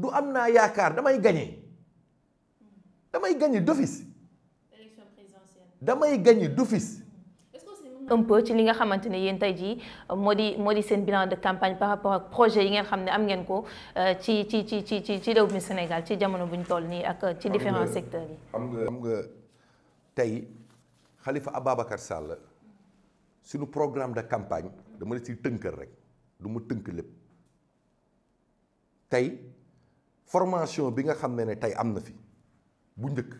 du am naa yaakaar damay gañe damay gañe d'office damay gañe d'office un ci li nga xamante ne yéen tey jii moo di moo di seen bilan de campagne par rapport ak projet yi ngeen xam ne am ngeen ko euh, ci ci ci ci ci ci réew mi Sénégal ci jamono bu ñu toll nii ak ci différents secteur yi. am nga xam tey Khalifa Ababacar Sall suñu programme de campagne dama la ciy tënkal rek du ma tënk lépp. tey formation bi nga xam ne ne tey am na fi bu njëkk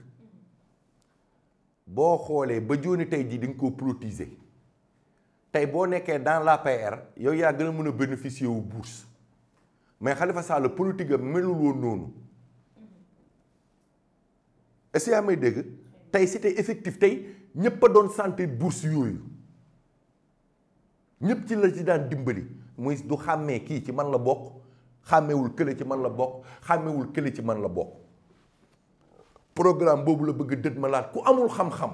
boo xoolee ba jooni tey jii di nga ko protiser tey boo nekkee dans l'APR yow yaa gën a mën a bénéficier wu bourse mais Khalifa Sall politique am melul woon noonu est-ce que yaa may dégg tey c'était effectif tey ñëpp a doon santé bourse yooyu ñëpp ci la ci daan dimbali muy du xàmmee kii ci man la bokk xàmmewul kële ci man la bokk xàmmewul kële ci man la bokk programme boobu la bëgg dët ma laat ku amul xam-xam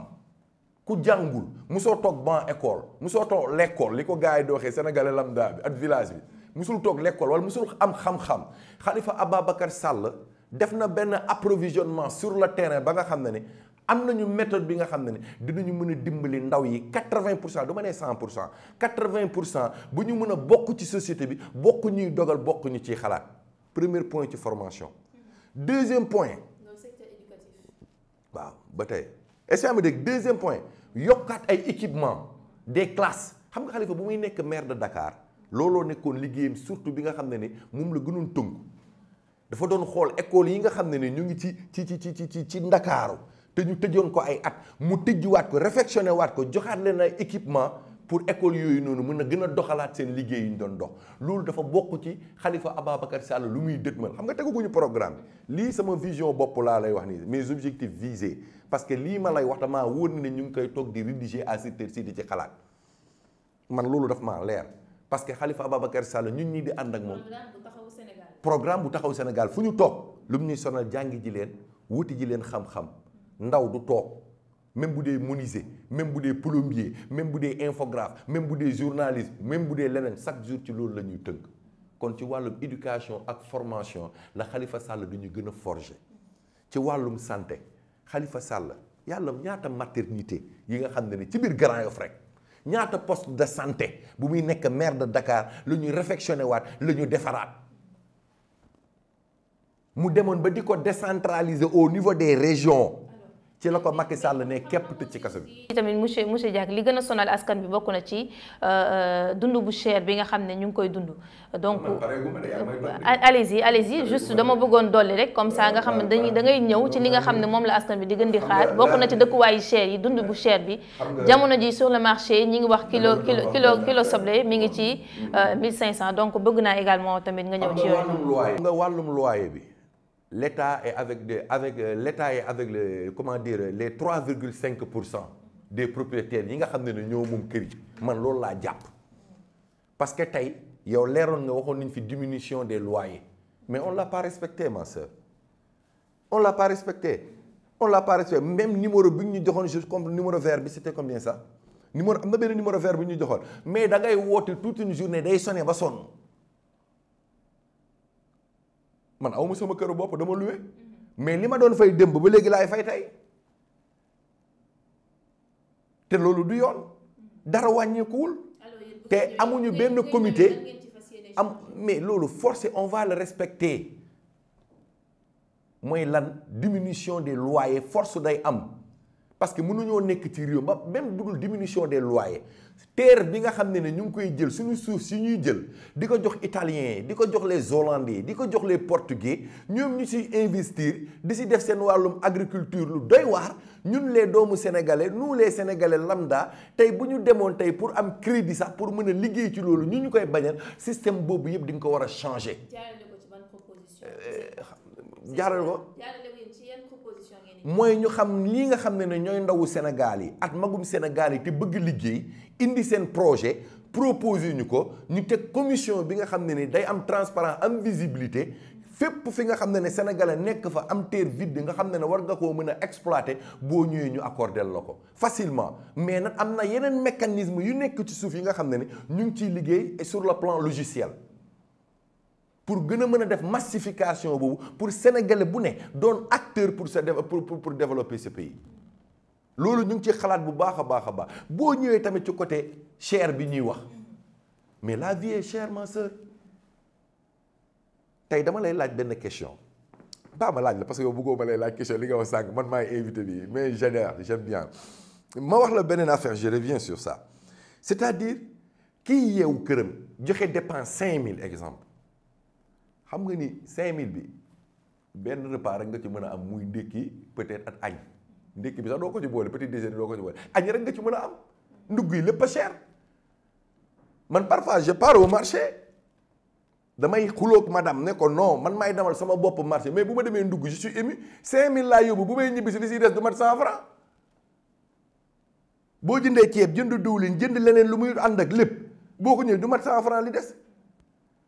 ku jàngul musoo toog ban école musoo toog l'école li ko gars yi dooxee sénégalais lambda bi ak village bi musul toog l'école wala musul am xam-xam Khalifa Ababacar sàll def na benn approvisionnement sur le terrain ba nga xam ne ne am nañu méthode bi nga xamné ne ne dinañu mën dimbali ndaw yi 80% duma né 100% 80% ma nee cent bu ñu bokk ci société bi bokku ñuy dogal bokku ñu ci xalaat premier point ci formation deuxième point waaw ba tey est-ce que deuxième point yokkaat ay équipement des classes xam nga Khalifa bu muy nekk maire de Dakar looloo nekkoon liggéeyam surtout bi nga xam ne ne moom la gënoon tënku dafa doon xool école yi nga xam ne ne ñu ngi ci ci ci ci ci ci Ndakaaru te ñu tëjoon ko ay at mu tëjjiwaat ko réfectionné waat ko joxaat leen ay équipement pour école yooyu noonu mën na gën a doxalaat seen liggéey yu ñu doon dox loolu dafa bokk ci xalifa Khalifa Ababacar Sall lu muy dëgmal xam nga tegaguñu programme lii sama vision bopp laa lay wax nii mes objectifs visés parce que lii ma lay wax damaa wóor na ne ñu ngi koy toog di rédiger à cette heure di ci xalaat man loolu daf maa leer parce que Khalifa Ababacar Sall ñun ñii di ànd ak moom. programme bu taxaw Sénégal fu ñu toog lu mu ñuy sonal jàngi ji leen wuti ji leen xam-xam. ndaw du tok même boudé monisé monisé, même boudé plombier même boudé infographe même boudé journaliste même boudé lenen chaque jour ci loolu lañuy teunk Quand kon ci walum éducation ak formation la Khalifa Sall du ñu gën forger ci walum santé Khalifa Sall yalla ñaata maternité yi nga xamné ci bir Grand y rek ñaata poste de santé bu muy nek maire de Dakar lu ñu réfectionné waat lu ñu defaraat mu démon ba diko décentraliser au niveau des régions ci la ko Macky Sall ne képp tëj ci kasso bi. tamit monsieur monsieur Diack li gëna sonal askan bi bokk na ci euh, euh, dund bu cher bi nga xamné ñu ngi koy dund. donc allez-y allez-y juste dama bëggoon dolli rek comme ça nga xamné dañuy da ngay ñëw ci li nga xamné mom la askan bi di gën di xaar bokk na ci dëkkuwaayu cher yi dund bu cher bi. jamono ji sur le marché ñi ngi wax kilo kilo kilo kilo soble mi ngi ci 1500 euh, donc bëgg naa également tamit nga ñëw ci yow nga walum loyer bi l'État est avec, avec euh, l'État est avec le, comment dire les 3,5% des propriétaires yi nga xam ne ne ñoo moom kër man loolu parce que tey yow leeroon nga waxoon nañ fi diminution des loyers mais on l'a pas respecté ma soeur on l'a pas respecté on l'a pas respecté même numéro bi ñu joxoon juste numéro vert bi c'était combien ça numéro am na benn numéro vert bi ñu mais da ngay woote toute une journée day sonné ba sonn man je sama këru bopp dama loué mais li ma fay démb ba fay te loolu du yoon dara te amuñu comité mais loolu on va le respecter mooy diminution des loyers force day am parce que mënuñoo nekk ci réew ba même budul diminution des loyers terre bi nga xam ne ne ñu ngi koy jël suñu suuf si ñuy jël di ko jox italien yi di ko jox les hollandais di ko jox les portugais ñoom ñu siy investir di si def seen wàllum agriculture lu doy waar ñun les doomu sénégalais nous les sénégalais lambda tey bu ñu demoon tey pour am crédit sax pour mën a liggéey ci loolu ñu ñu koy bañal système boobu yëpp di nga ko war a changer. jaarale ko ci ban proposition. Euh, jaarale ko. Nous ñu xam li nga xam ne Sénégal yi at magum Sénégal yi te bëgg liggéey indi projet proposé commission bi nga xam ne am transparent am visibilité fépp fi nga xam ne sénégalais nekk fa am terre vide nga xam ne war nga koo mën facilement mais nag na mécanisme yu nekk ci suuf yi nga xam sur le plan logiciel pour gëna mëna def massification boobu pour sénégalais bu né don acteur pour sa pour pour pour développer ce pays lolu ñu ngi ci xalaat bu baax a ba bo ñëwé tamit ci côté cher bi ñuy wax mais la vie est chère ma sœur tay dama lay laaj ben question ba ma laaj la parce que yow bëggoo ma lay laaj question li nga wax sànq man maay invité bi mais j'adore j'aime bien ma wax la beneen affaire je reviens sur ça c'est-à-dire kii yeewu këram joxe dépense 5000 exemple xam nga ni mille bi benn repas rek nga ci mën a am muy ndékki peut-être ak añ ndékki bi sax doo ko ci boole petit déjeuner doo ko ci boole añ rek nga ci mën a am ndugg yi lépp a cher man parfois je pars marché damay xuloog madame ne ko non man maay demal sama bopp marché mais bu ma demee ndugg je suis ému 5000 laa yóbbu bu may ñibbisi li si des du mat 100 francs boo jëndee ceeb jënd diwlin jënd leneen lu muy ànd ak lépp boo ko ñëwee du mat li des.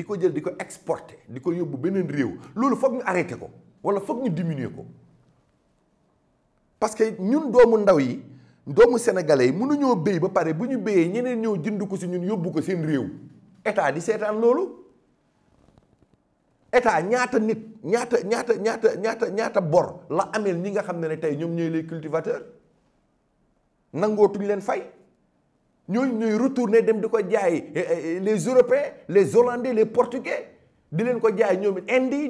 diko jël diko exporter diko yobbu benen rew lolu fokk ñu arrêté ko wala fokk ñu diminuer ko parce que ñun doomu ndaw yi doomu sénégalais yi ñoo bëy ba paré bu ñu béyee ñeneen ñoo jënd ko ci ñun yobbu ko seen rew état di sétan lolu état ñaata nit ñaata ñaata ñaata ñaata ñaata bor la amel ñi nga xamné tay ñom ñoy les cultivateurs nangootuñ leen fay Nous retourner eh, eh, les européens les hollandais les portugais di leen ko jaay ñoom indi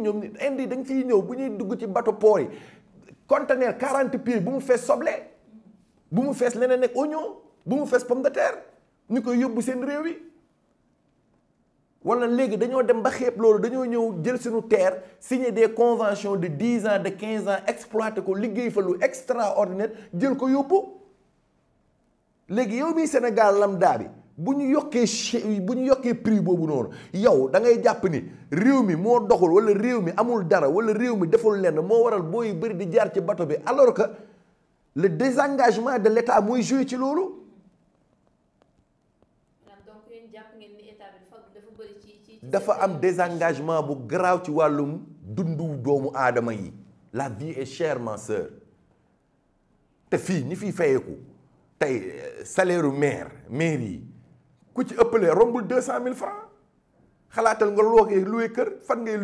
indi dañ bu ñuy dugg ci bateau port conteneur 40 pieds bu mu fees soble bu mu bu mu pomme de terre ñu koy yóbbu seen réew yi wala léegi dañoo dem ba jël terre signer des conventions de 10 ans de 15 ans exploité ko extraordinaire jël ko léegi yow mii Sénégal lambda bi buñu ñu buñu bu prix bobu non yow da ngay japp ni réew mi moo doxul wala réew mi amul dara wala réew mi deful lenn mo waral booy bari di jaar ci bateau bi alors que le désengagement de l'état moy mooy joué ci loolu. donc yéen jàpp ngeen ni état bi dafa bëri ci dafa am désengagement bu garaaw ci walum dundu doomu aadama yi la vie est chère ma sœur te fii ñi fi fayeeku. Euh, salaire maire maire ku ci rombul francs xalaatal nga fan ngay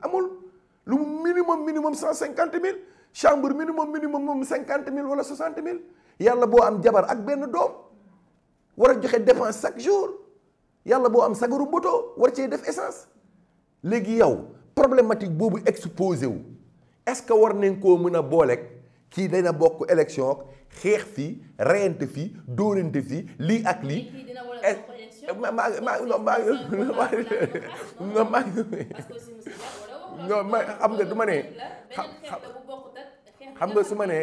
amul minimum minimum 150 000. chambre minimum minimum 50 000 wala 000, 000 am jabar ak war dépense chaque jour am sagaru war def essence yow problématique bobu exposé est-ce que war nañ a élection xeex fii reyante fii dóorante fii lii ak lii. non ma xam nga du ma ne. xam nga su ma ne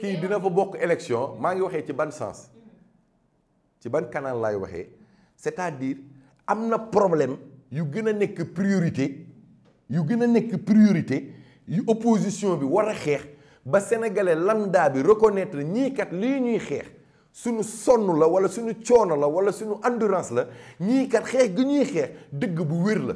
kii dina fa bokk élection maa ngi waxee ci ban sens. Mhm. ci ban canal laay waxee c'est-à-dire am na problème yu gën a nekk priorité yu gën a nekk priorité yu opposition bi war a xeex. ba sénégalais lambda bi reconnaître ñii kat lii ñuy xeex suñu sonn la wala suñu coono la wala suñu endurance la ñiikat kat xeex gi ñuy xeex dëgg bu wér la